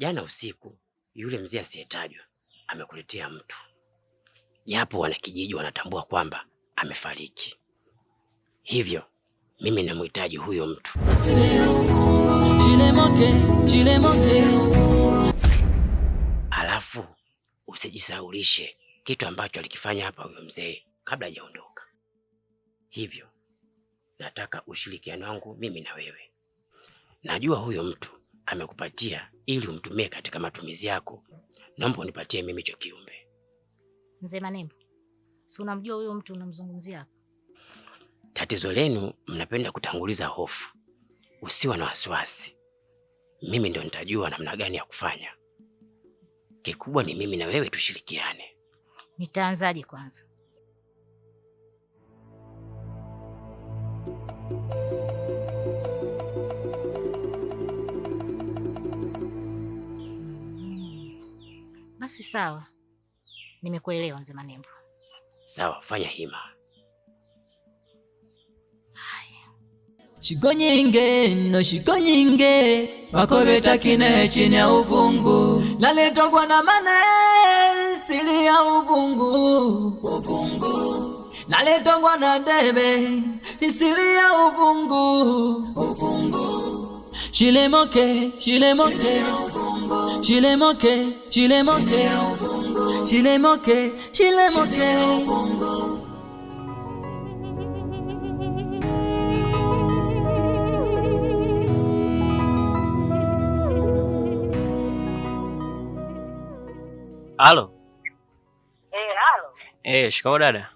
Jana usiku yule mzee asiyetajwa amekuletea mtu, japo wanakijiji wanatambua kwamba amefariki, hivyo mimi namhitaji huyo mtu. Alafu usijisaulishe kitu ambacho alikifanya hapa huyo mzee kabla hajaondoka. Hivyo nataka ushirikiano wangu mimi na wewe. Najua huyo mtu amekupatia ili umtumie katika matumizi yako. Naomba unipatie mimi cho kiumbe. Mzee Manembo, si unamjua huyo mtu unamzungumzia hapa? Tatizo lenu mnapenda kutanguliza hofu. Usiwa na wasiwasi, mimi ndo nitajua namna gani ya kufanya. Kikubwa ni mimi na wewe tushirikiane. Nitaanzaje kwanza? Sawa, nimekuelewa mzee Manembo. Sawa, fanya hima. Shiko nyinge no shiko nyinge wakobeta kine chini ya uvungu naletogwa na mane sili ya uvungu uvungu naletogwa na debe sili ya uvungu uvungu shilemoke shilemoke shilemoke shilemoke Chile moke, chile moke. Halo. Eh, halo. Eh, shikamoo dada.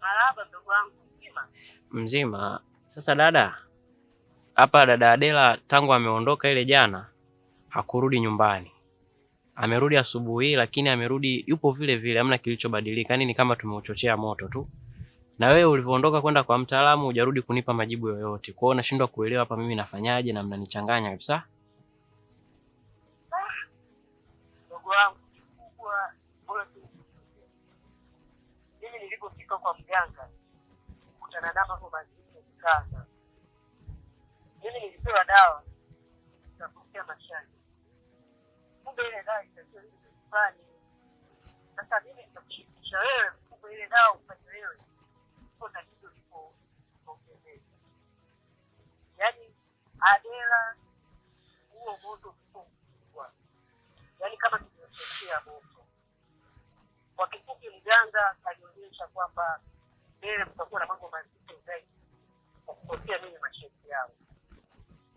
Marhaba ndugu wangu, mzima? Mzima. Sasa dada, hapa dada Adela tangu ameondoka ile jana hakurudi nyumbani amerudi asubuhi, lakini amerudi yupo vile vile, hamna kilichobadilika. Yani ni kama tumeuchochea moto tu, na wewe ulivyoondoka kwenda kwa mtaalamu hujarudi kunipa majibu yoyote. Kwa hiyo nashindwa kuelewa hapa mimi nafanyaje, na mnanichanganya kabisa. Mimi nilipewa dawa ile dawa itakiwa fulani. Sasa mimi nitakushirikisha wewe mfuko ile dawa ufanye wewe, ndipo tatizo lipo ongezeka. Yaani Adela, huo moto uko mkubwa, yaani kama tumechochea moto. Kwa kifupi, mganga alionyesha kwamba mbele kutakuwa na mambo mazito zaidi kwa kukosea mimi masharti yao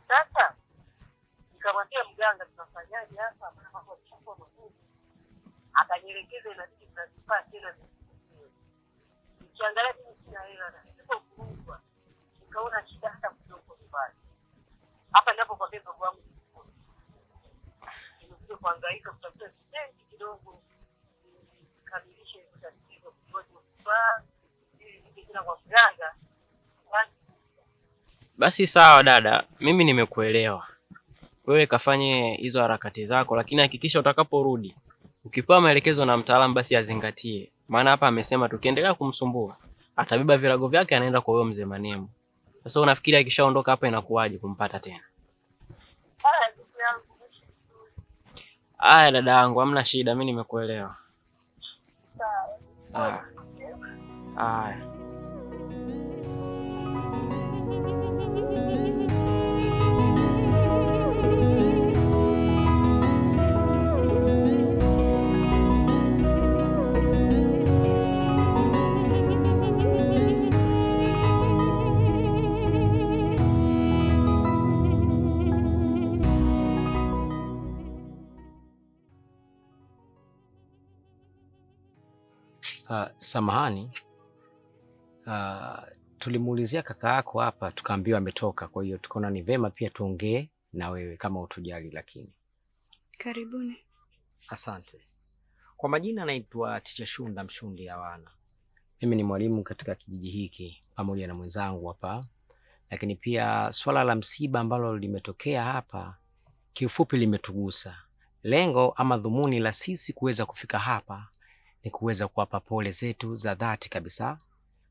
sasa nikamwambia mganga, tunafanyaje hapa? Maana mambo yameshakuwa magumu. Akanielekeza inabidi tunazifaa tena zisiwe, nikiangalia mimi sina hela na nilipo kuungwa, nikaona shida hata kidogo mbali hapa. Ndipo kwa ndugu wangu nimekuja kuhangaika kutafuta stendi kidogo nikamilishe hizo tatizo kidogo kifaa ili nije tena kwa mganga. Basi sawa dada, mimi nimekuelewa wewe kafanye hizo harakati zako, lakini hakikisha utakaporudi ukipewa maelekezo na mtaalamu basi azingatie, maana hapa amesema tukiendelea kumsumbua atabeba virago vyake anaenda kwa huyo mzee Manemo. Sasa unafikiri akishaondoka hapa inakuwaje kumpata tena? Aya, dada yangu, hamna shida, mi nimekuelewa. Aya. Uh, samahani uh, tulimuulizia kaka yako hapa tukaambiwa ametoka, kwa hiyo tukaona ni vema pia tuongee na wewe kama utujali, lakini karibuni. Asante. Kwa majina naitwa Ticha Shunda Mshundi Awana. mimi ni mwalimu katika kijiji hiki pamoja na mwenzangu hapa, lakini pia swala la msiba ambalo limetokea hapa kiufupi limetugusa. Lengo ama dhumuni la sisi kuweza kufika hapa ni kuweza kuwapa pole zetu za dhati kabisa,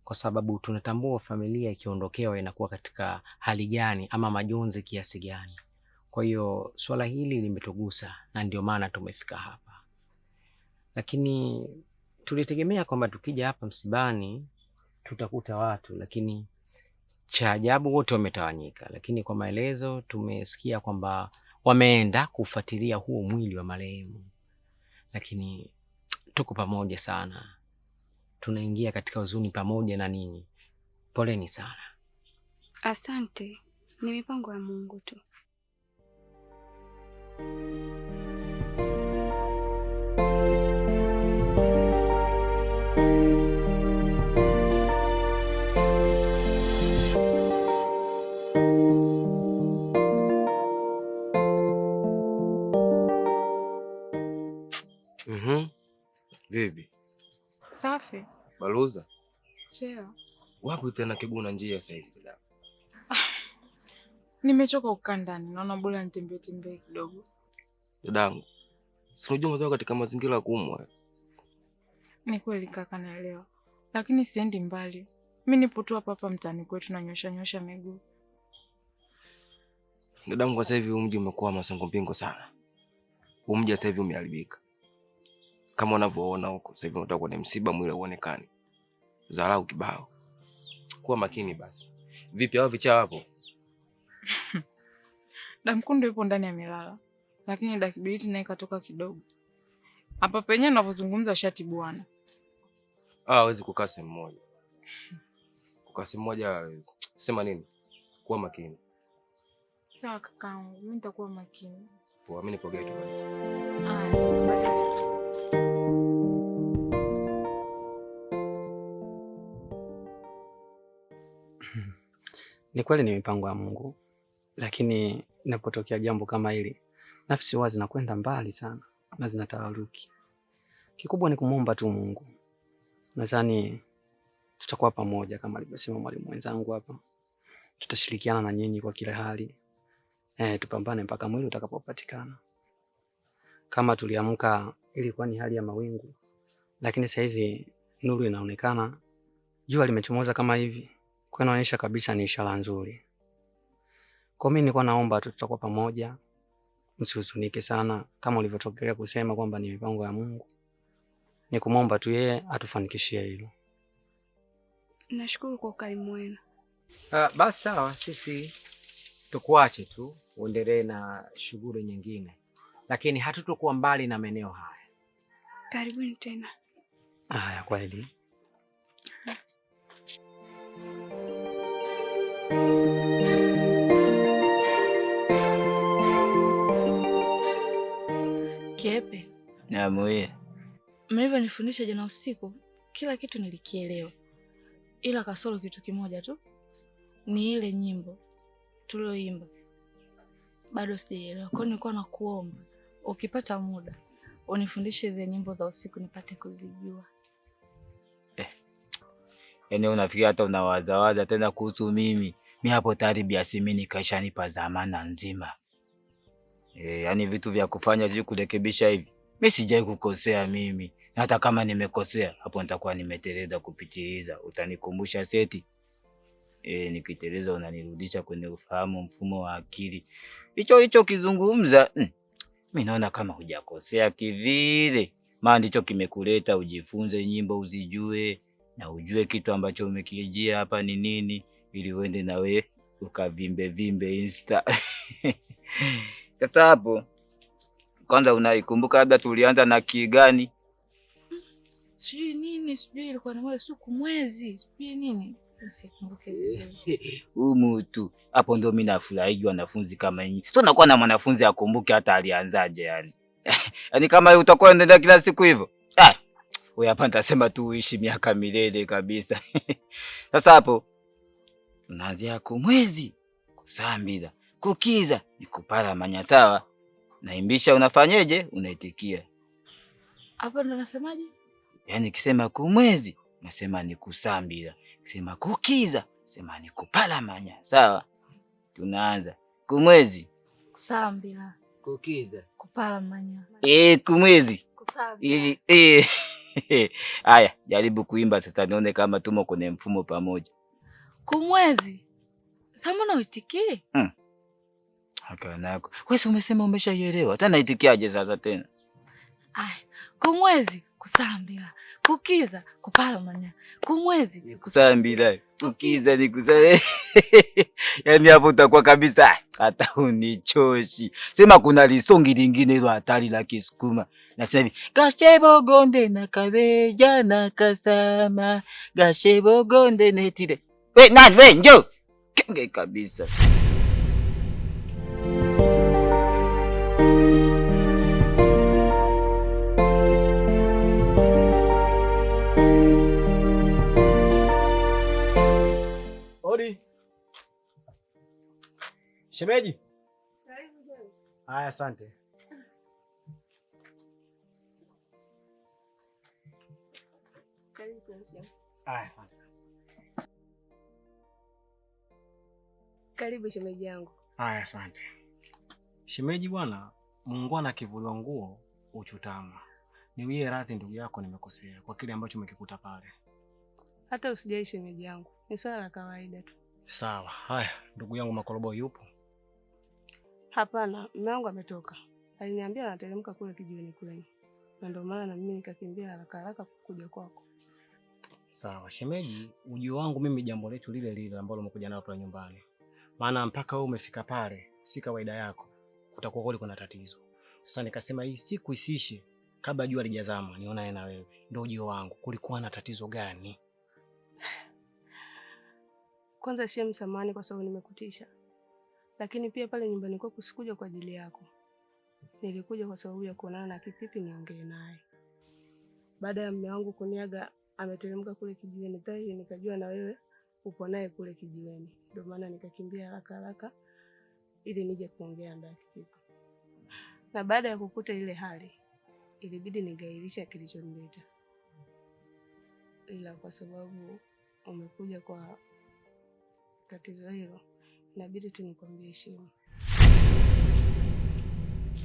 kwa sababu tunatambua familia ikiondokewa inakuwa katika hali gani ama majonzi kiasi gani. Kwa hiyo swala hili limetugusa na ndio maana tumefika hapa, lakini tulitegemea kwamba tukija hapa msibani tutakuta watu, lakini cha ajabu wote wametawanyika. Lakini kwa maelezo tumesikia kwamba wameenda kufuatilia huo mwili wa marehemu, lakini tuko pamoja sana, tunaingia katika huzuni pamoja na ninyi. Poleni sana. Asante, ni mipango ya Mungu tu. Vipi? Safi. Baluza. Cheo. Wapi tena kiguna njia sasa hizi dada? Ah, nimechoka kukaa ndani. Naona bora nitembee tembee kidogo. Dadangu. Si unajua umetoka katika mazingira ya kumwa. Ni kweli kaka, naelewa. Lakini siendi mbali. Mimi nipo tu hapa hapa mtaani kwetu na nyosha nyosha miguu. Dadangu, kwa sasa hivi umji umekuwa masongo mpingo sana. Umji sasa hivi umeharibika kama unavyoona huko sasa hivi umetoka kwenye msiba, mwili uonekane zarau kibao. Kuwa makini basi. Vipi hao vichaa wapo? Damkundu yupo ndani ya milala, lakini dakibiliti naye katoka kidogo. Hapa penye ninapozungumza shati bwana. Ah, hawezi kukaa sehemu moja. Kukaa sehemu moja hawezi. Sema nini? Kuwa makini. Sawa kakaangu, mimi nitakuwa makini. Poa, mimi nipo basi. Ah, Ni kweli ni mipango ya Mungu, lakini inapotokea jambo kama hili, nafsi huwa zinakwenda mbali sana na zinatawaruki. Kikubwa ni kumwomba tu Mungu. Nadhani tutakuwa pamoja kama alivyosema mwalimu mwenzangu hapa, tutashirikiana na nyinyi kwa kila hali eh, tupambane mpaka mwili utakapopatikana. Kama tuliamka ilikuwa ni hali ya mawingu, lakini saizi nuru inaonekana, jua limechomoza kama hivi kwa inaonyesha kabisa ni ishara nzuri. Kwa mimi nilikuwa naomba tu tutakuwa pamoja, msihuzunike sana kama ulivyotokea kusema kwamba ni mipango ya Mungu. Ni kumwomba tu yeye atufanikishie hilo. Nashukuru kwa ukarimu wenu. Uh, basi sawa, sisi tukuache tu uendelee na shughuli nyingine, lakini hatutokuwa mbali na maeneo haya. Karibuni tena. Haya, kweli. Kepe namuye, mlivyonifundisha jana usiku kila kitu nilikielewa, ila kasoro kitu kimoja tu, ni ile nyimbo tulioimba bado sijaielewa. Kwa hiyo nilikuwa nakuomba ukipata muda unifundishe zile nyimbo za usiku nipate kuzijua. Eh, yaani unafikia hata unawazawaza tena kuhusu mimi mi hapo tayari biasimini nipa zamana nzima e, yani vitu vya kufanya juu kurekebisha hivi mi sijai kukosea mimi, hata kama nimekosea hapo nitakuwa nimetereza kupitiliza, utanikumbusha seti e, nikiteleza unanirudisha kwenye ufahamu, mfumo wa akili. Hicho hicho kizungumza mm, mi naona kama hujakosea kivile, maana ndicho kimekuleta ujifunze nyimbo uzijue na ujue kitu ambacho umekijia hapa ni nini ili uende na we ukavimbe vimbe insta sasa. Hapo kwanza unaikumbuka, labda tulianza na kigani, sijui nini, sijui ilikuwa na mwezi, siku mwezi, sijui nini umutu hapo ndo mimi nafurahiji wanafunzi kama nyinyi. So nakuwa na mwanafunzi akumbuke hata alianzaje yani. Yaani kama utakuwa unaendelea kila siku hivyo. Ah. Wewe hapa nitasema tu uishi miaka milele kabisa. Sasa hapo yako kumwezi kusambiza kukiza nikupala manya sawa naimbisha unafanyeje? Unaitikia hapo ndo nasemaje? Yaani kisema kumwezi nasema nikusambila, kisema kukiza sema nikupala manya sawa. Tunaanza kumwezi kusambila, kukiza kupala manya e, kumwezi kusambila. E, e. Haya, jaribu kuimba sasa, nione kama tumo kwenye mfumo pamoja kumwezi samona uitikii hmm. Akanako wesi umesema umeshaielewa tena, naitikiaje sasa tena? Ay, kumwezi kusambila kukiza manya kumwezi kusambila kukiza ni kusa yani hapo utakuwa kabisa hata unichoshi. Sema kuna lisongi lingine hilo hatari la Kisukuma nasema hivi: gashebo gonde na kabeja na kasama gashebo gonde netile We nani we, njo kenge kabisa. Odi shemeji. Haya, asante. Haya, asante. Karibu shemeji yangu. Haya, asante shemeji. Bwana muungwana kivulwa nguo uchutama. Niwie radhi ndugu yako, nimekosea kwa kile ambacho umekikuta pale. Hata usijai shemeji yangu, ni swala la kawaida tu. Sawa. Haya, ndugu yangu Makorobo yupo? Hapana, mume wangu ametoka, aliniambia anateremka kule kijiweni kule, na ndio maana na mimi nikakimbia haraka haraka kuja kwako. Sawa shemeji, ujio wangu mimi jambo letu lile lile ambalo umekuja nalo pale nyumbani maana mpaka wewe umefika pale, si kawaida yako, kutakuwa kweli kuna tatizo. Sasa nikasema hii siku isishe kabla jua lijazama, nionane na wewe, ndio ujio wangu. Kulikuwa na tatizo gani? Kwanza Shem, samahani kwa sababu nimekutisha, lakini pia pale nyumbani kwako sikuja kwa ajili yako, nilikuja kwa sababu ya kuonana na Kipipi niongee naye. Baada ya mme wangu kuniaga, ameteremka kule kijiweni, dhahiri nikajua na wewe upo naye kule kijiweni, ndio maana nikakimbia haraka haraka ili nije kuongea naye Na baada ya kukuta ile hali, ilibidi nigairisha kilichonileta, ila kwa sababu umekuja kwa tatizo hilo, inabidi tu nikwambie heshima.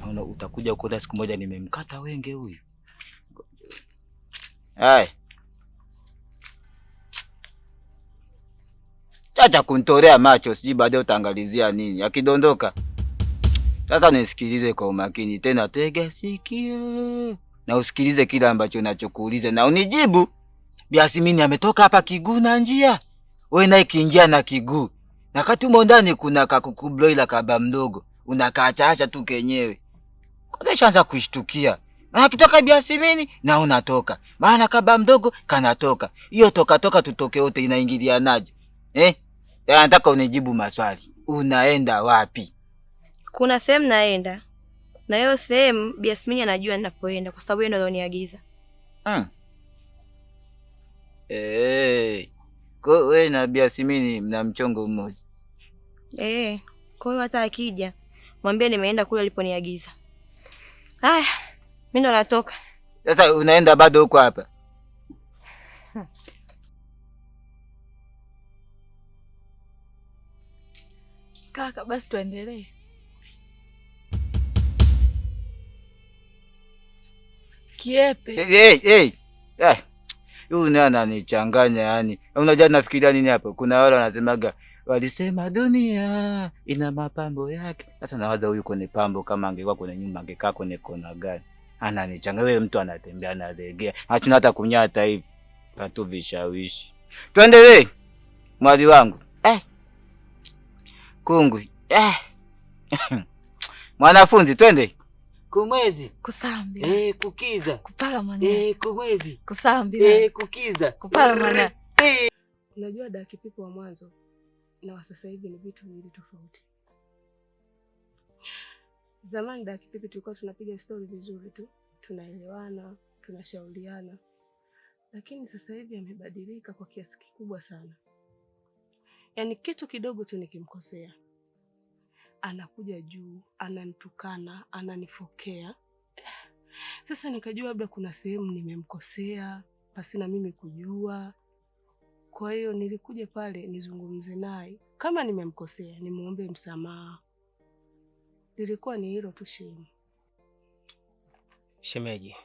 Naona utakuja kuona siku moja nimemkata wenge huyu. Hai. acha kuntorea macho, sijui baadaye utaangalizia nini. Akidondoka sasa, nisikilize kwa umakini tena, tega sikio na usikilize kila ambacho nachokuuliza na unijibu. Biasimini ametoka hapa kiguu na njia, wewe naye kinjia na kiguu, na kati umo ndani kuna kakuku broila kaba mdogo, unakaachaacha tu kenyewe Kwanza kadeshaanza kushtukia Nakitoka biasimini na unatoka, maana kaba mdogo kanatoka. Hiyo toka toka tutoke wote inaingilianaje eh? Eh, nataka unijibu maswali, unaenda wapi? Kuna sehemu naenda, na hiyo sehemu Biasmini anajua ninapoenda kwa sababu yeye ndo alioniagiza. hmm. Hey. Eh. Kwa wewe na Biasmini mna mchongo mmoja? Hey. Eh. Kwa hiyo hata akija mwambie nimeenda kule aliponiagiza. Haya, mimi ndo natoka sasa. Unaenda bado huko hapa? hmm. Kaka, basi tuendelee. Kiepe. Hey, hey, hey. Eh, Yule naye ananichanganya yani. Unajua nafikiria nini hapo? Kuna wale wanasemaga walisema dunia ina mapambo yake. Sasa nawaza huyu kwenye pambo kama angekuwa kwenye nyumba angekaa kwenye kona gani? Ananichanganya wewe, mtu anatembea analegea. Hachuna hata kunyata hivi. Patu vishawishi. Tuendelee. Mwali wangu. Eh kungwi eh. Mwanafunzi, twende kumwezi kusambi eh, kukiza kupala mwana eh, kumwezi kusambi eh, kukiza kupala mwana eh. Unajua daki kipipo wa mwanzo na wa sasa hivi ni vitu viwili tofauti. Zamani daki kipipi tulikuwa tunapiga stori vizuri tu, tunaelewana, tunashauriana, lakini sasa hivi amebadilika kwa kiasi kikubwa sana. Yaani kitu kidogo tu nikimkosea anakuja juu, ananitukana, ananifokea. Sasa nikajua labda kuna sehemu nimemkosea na mimi kujua. Kwa hiyo nilikuja pale nizungumze naye, kama nimemkosea nimwombe msamaha. Lilikuwa ni hilo tu shemu. Shemeji,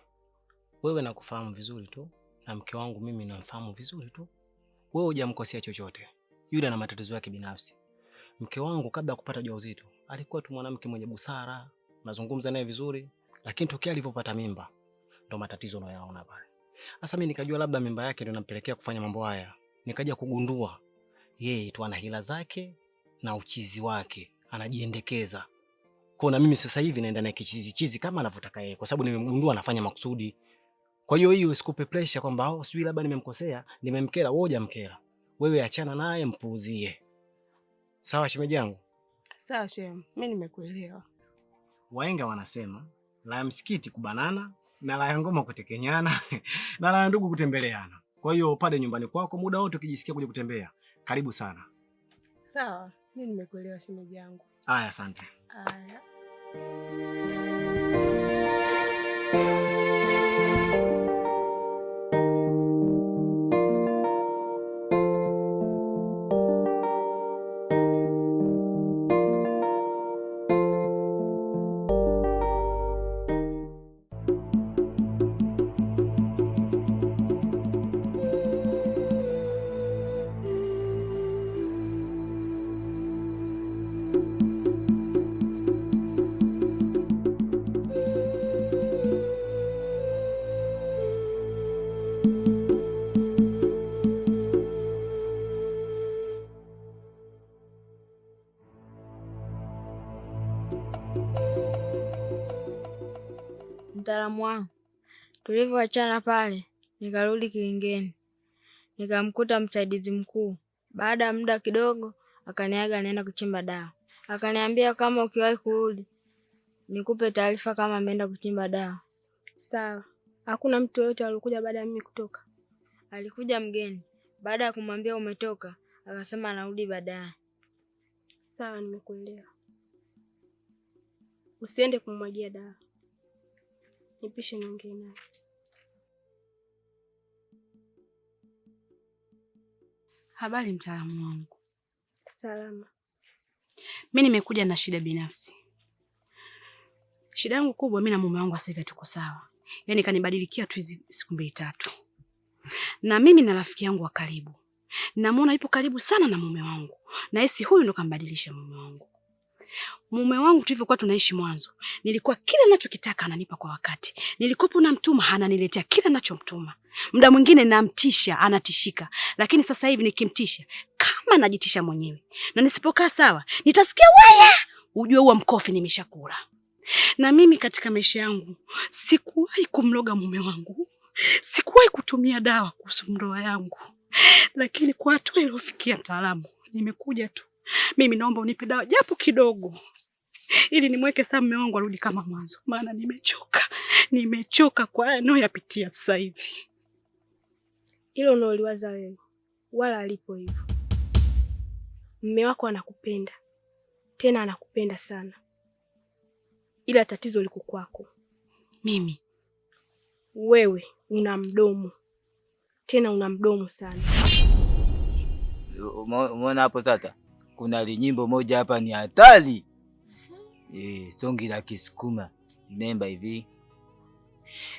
wewe nakufahamu vizuri tu na mke wangu mimi namfahamu vizuri tu, wewe hujamkosea chochote. Yule ana matatizo yake binafsi. Mke wangu kabla ya kupata ujauzito alikuwa tu mwanamke mwenye busara, nazungumza naye vizuri, lakini tokea alivyopata mimba ndo matatizo unayoona pale. Sasa mimi nikajua labda mimba yake ndio inampelekea kufanya mambo haya. Nikaja kugundua yeye tu ana hila zake na uchizi wake, anajiendekeza. Kwa na mimi sasa hivi naenda naye kichizi chizi kama anavyotaka yeye, kwa sababu nimegundua anafanya makusudi. Kwa hiyo hiyo sikupe pressure kwamba au oh, sijui labda nimemkosea, nimemkera, wewe hujamkera wewe achana naye, mpuuzie. Sawa shemeji yangu? Sawa shem, mimi nimekuelewa. Waenga wanasema la ya msikiti kubanana na la ya ngoma kutekenyana na la ya ndugu kutembeleana. Kwa hiyo pale nyumbani kwako muda wote ukijisikia kuja kutembea, karibu sana. Sawa, mimi nimekuelewa shemeji yangu. Haya, asante. Haya. Tulivyoachana pale, nikarudi kilingeni, nikamkuta msaidizi mkuu. Baada ya muda kidogo, akaniaga nenda kuchimba dawa, akaniambia kama ukiwahi kurudi nikupe taarifa kama ameenda kuchimba dawa. Sawa. Hakuna mtu yoyote alikuja baada ya mimi kutoka? Alikuja mgeni, baada ya kumwambia umetoka, akasema anarudi baadaye. Sawa, nimekuelewa. Usiende kumwagia dawa nipishe niongee naye. Habari mtaalamu wangu. Salama. Mi nimekuja na shida binafsi. Shida yangu kubwa, mi na mume wangu sasa hivi hatuko sawa, yaani kanibadilikia tu hizi siku mbili tatu, na mimi na rafiki yangu wa karibu namuona yupo karibu sana na mume wangu, na hisi huyu ndo kambadilisha mume wangu. Mume wangu tulivyokuwa tunaishi mwanzo, nilikuwa kila ninachokitaka ananipa kwa wakati. Nilikopo na mtuma ananiletea kila ninachomtuma. Muda mwingine namtisha, anatishika. Lakini sasa hivi nikimtisha kama najitisha mwenyewe. Na nisipokaa sawa, nitasikia waya. Ujue huo mkofi nimeshakula. Na mimi katika maisha yangu sikuwahi kumloga mume wangu. Sikuwahi kutumia dawa kuhusu ndoa yangu. Lakini kwa hatua iliyofikia mtaalamu, nimekuja tu Mimi naomba unipe dawa japo kidogo, ili nimweke saa mume wangu arudi kama mwanzo, maana nimechoka, nimechoka kwa haya nayoyapitia sasa hivi. Hilo unaoliwaza wewe, wala alipo hivyo. Mume wako anakupenda tena, anakupenda sana, ila tatizo liko kwako. Mimi wewe una mdomo tena, una mdomo sana. Umeona hapo sasa kuna linyimbo moja hapa ni hatari e, songi la Kisukuma nemba hivi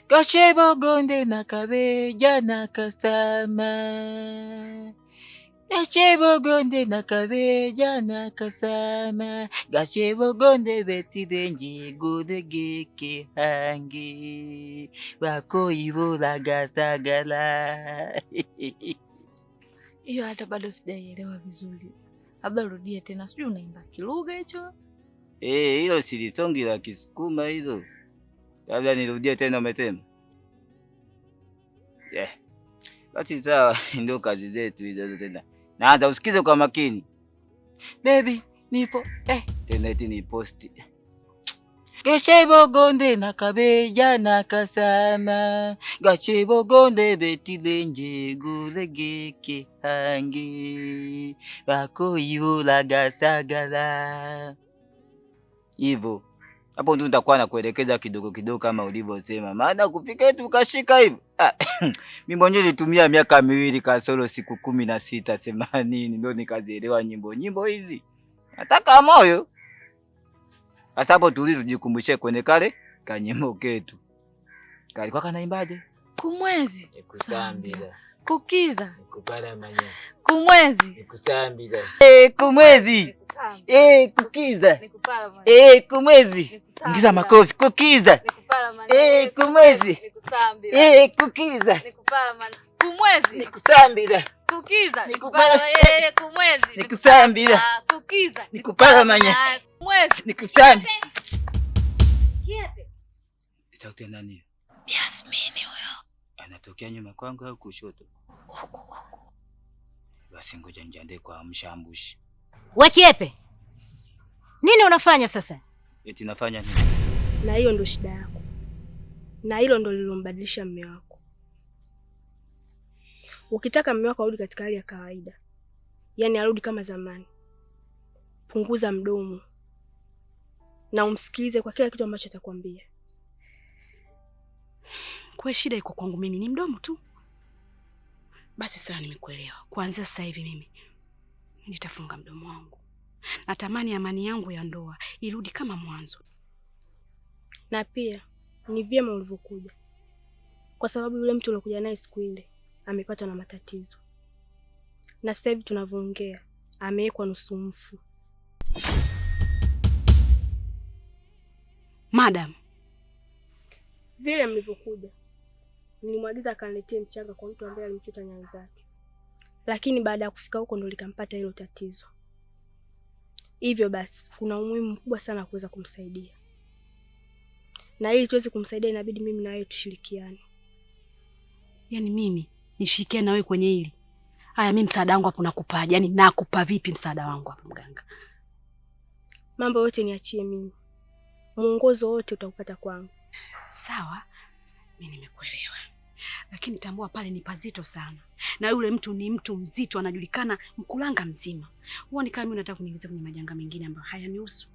kashebo gonde na kabeja na kasama gachebogonde na kabeja na kasama gachebogonde betilenji gule geke hangi bakoibola Hiyo hata bado sijaielewa vizuri labda urudie tena, sijui unaimba kilugha hicho. Eh, hilo silitongi la Kisukuma hilo, labda nirudie tena. Umetema yeah. Basi sawa, ndio kazi zetu hizo. Tena naanza, usikize kwa makini. Baby nipo eh, tena eti ni posti Gashebogonde na kabeja na kasama Gashebogonde betilenje gulegeke hange Bakoibola hivo Hivyo hapo ndio nitakuwa nakuelekeza kidogo kidogo kama ulivyosema, maana kufika tu kashika hivyo ah, mimi mwenyewe nilitumia miaka miwili kasoro siku kumi na sita themanini ndio nikazielewa nyimbo nyimbo hizi. Nataka moyo sasa hapo tuulize, tujikumbushe kwenye kale kanyimbo ketu kalikuwa kanaimbaje? Kumwezi kusambila kukiza kuparamanya kumwezi kusambila eh kumwezi eh kukiza eh kumwezi ngiza makofi kukiza eh kumwezi eh kukiza nikuparamanya Kumwezi nikusambile kukiza nikupala yeye kumwezi nikusambile kukiza ah, nikupala manya kumwezi nikusambi. Yepe sauti nani? Yasmini huyo anatokea nyuma kwangu au kushoto? Huko basi, ngoja njande kwa mshambushi wakiepe. Nini unafanya sasa? Eti nafanya nini? Na hiyo ndo shida yako, na hilo ndo lilombadilisha mume wako Ukitaka mume wako arudi katika hali ya kawaida, yaani arudi kama zamani, punguza mdomo na umsikilize kwa kila kitu ambacho atakwambia. Kwa shida iko kwangu mimi, ni mdomo tu. Basi sawa, nimekuelewa. Kuanzia sasa hivi mimi nitafunga mdomo wangu. Natamani amani yangu ya ndoa irudi kama mwanzo, na pia ni vyema ulivyokuja, kwa sababu yule mtu uliokuja naye siku ile amepatwa na matatizo, na sasa hivi tunavyoongea amewekwa nusu mfu. Madam, vile mlivyokuja nilimwagiza akaniletee mchanga kwa mtu ambaye alimchota nyayo zake, lakini baada ya kufika huko ndo likampata hilo tatizo. Hivyo basi kuna umuhimu mkubwa sana wa kuweza kumsaidia, na ili tuweze kumsaidia inabidi mimi na wewe tushirikiane. Yaani mimi nishike na wewe kwenye hili. Haya, mimi msaada wangu hapo nakupa, yaani nakupa vipi msaada wangu hapo mganga? Mambo yote niachie mimi, mwongozo wote utaupata kwangu. Sawa, mimi nimekuelewa, lakini tambua pale ni pazito sana, na yule mtu ni mtu mzito, anajulikana Mkulanga mzima. Huoni kama mimi nataka kuniingiza kwenye majanga mengine ambayo hayanihusu?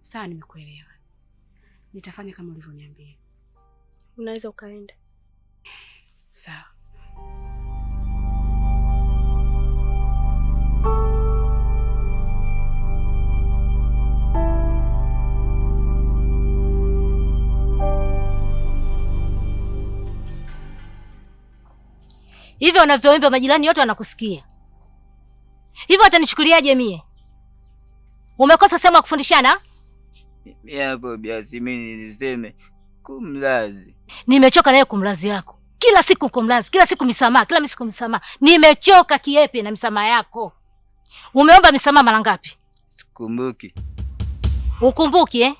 Sawa, nimekuelewa, nitafanya kama ulivyoniambia. Unaweza ukaenda. Sawa. Hivyo unavyoimba majirani wote wanakusikia. Hivyo watanichukuliaje mie? Umekosa sehemu ya kufundishana? Mimi hapo biasi mimi niseme kumlazi. Nimechoka naye kumlazi yako kila siku kumlazi, kila siku misamaha, kila siku misamaha. Nimechoka kiepe na misamaha yako. Umeomba misamaha mara ngapi? Sikumbuki. Ukumbuki eh?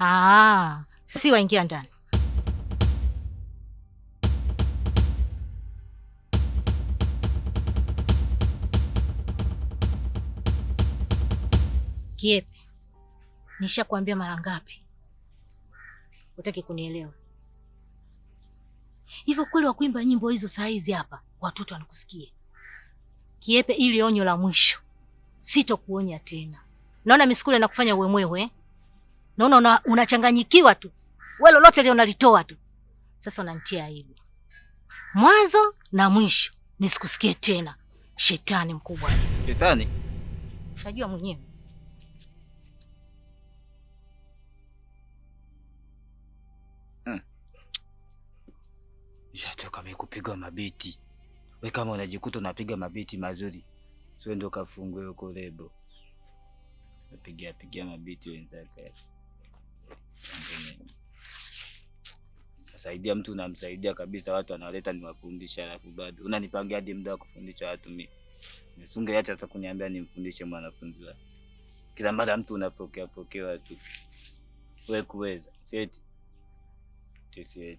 Ah, si waingia ndani. Kiepe, nishakwambia mara ngapi? Utaki kunielewa? Hivyo kweli wakuimba nyimbo hizo saizi hapa watoto wanakusikia. Kiepe ili onyo la mwisho, sitokuonya tena. Naona miskule na kufanya uwe mwewe, eh? naona unachanganyikiwa tu, wewe lolote lio unalitoa tu. Sasa unanitia aibu, mwanzo na mwisho, nisikusikie tena. Shetani mkubwa, shetani, unajua mwenyewe Nishachoka mimi kupiga mabeti. Wewe kama unajikuta unapiga mabeti mazuri, sio ndio kafungue huko lebo. Napigia pigia mabeti wenzake. Nasaidia mtu namsaidia kabisa, watu wanaleta niwafundisha, alafu bado unanipangia hadi muda wa kufundisha watu mimi. Nisunge acha hata kuniambia nimfundishe mwanafunzi wako. Kila mara mtu unafokea fokea tu. Wewe kuweza. Seti. Seti.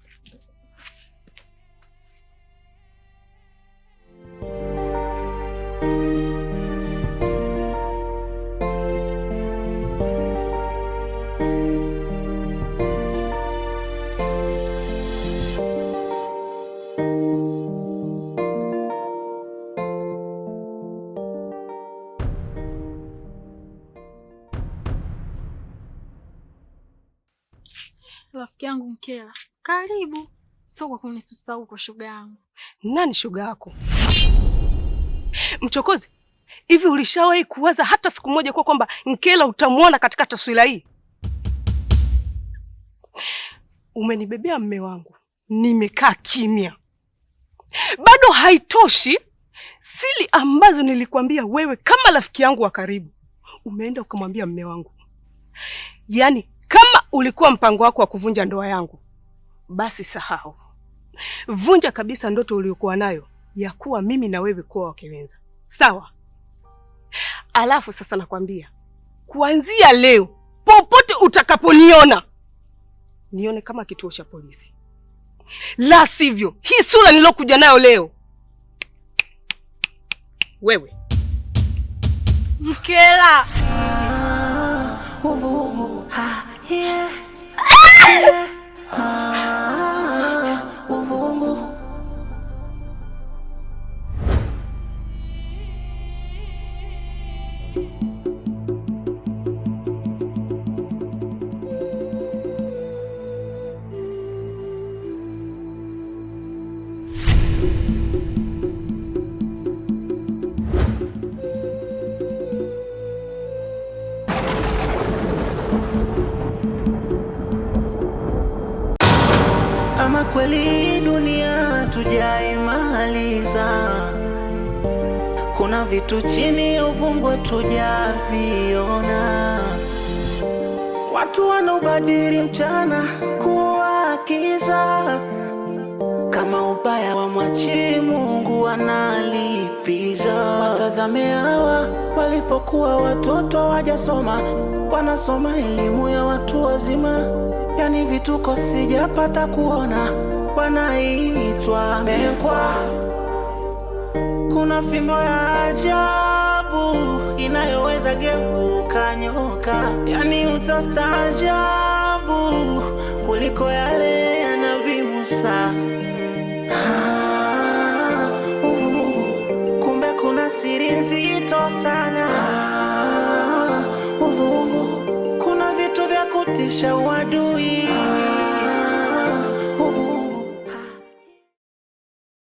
Mkela, karibu. Sio kwa kunisusa huko, shoga yangu. Nani shoga yako? Mchokozi, hivi ulishawahi kuwaza hata siku moja kwa kwamba Mkela utamwona katika taswira hii? Umenibebea mme wangu, nimekaa kimya. Bado haitoshi, siri ambazo nilikwambia wewe kama rafiki yangu wa karibu, umeenda ukamwambia mme wangu. Yaani ulikuwa mpango wako wa kuvunja ndoa yangu, basi sahau, vunja kabisa ndoto uliokuwa nayo ya kuwa mimi na wewe kuwa wake wenza, sawa? Alafu sasa nakwambia, kuanzia leo popote utakaponiona nione kama kituo cha polisi, la sivyo hii sura nilokuja nayo leo wewe Mkela. Ah, tu chini ya uvungu tujaviona. Watu wanaubadili mchana kuwakiza kama ubaya wa mwachi Mungu wanalipiza. Watazame hawa walipokuwa watoto wajasoma, wanasoma elimu ya watu wazima, yani vituko sijapata kuona, wanaitwa mekwa kuna fimbo ya ajabu inayoweza geuka nyoka, yani utastaajabu kuliko yale yanaviusa Ah, uh, uh, kumbe kuna siri nzito sana. Ah, uh, kuna vitu vya kutisha uadui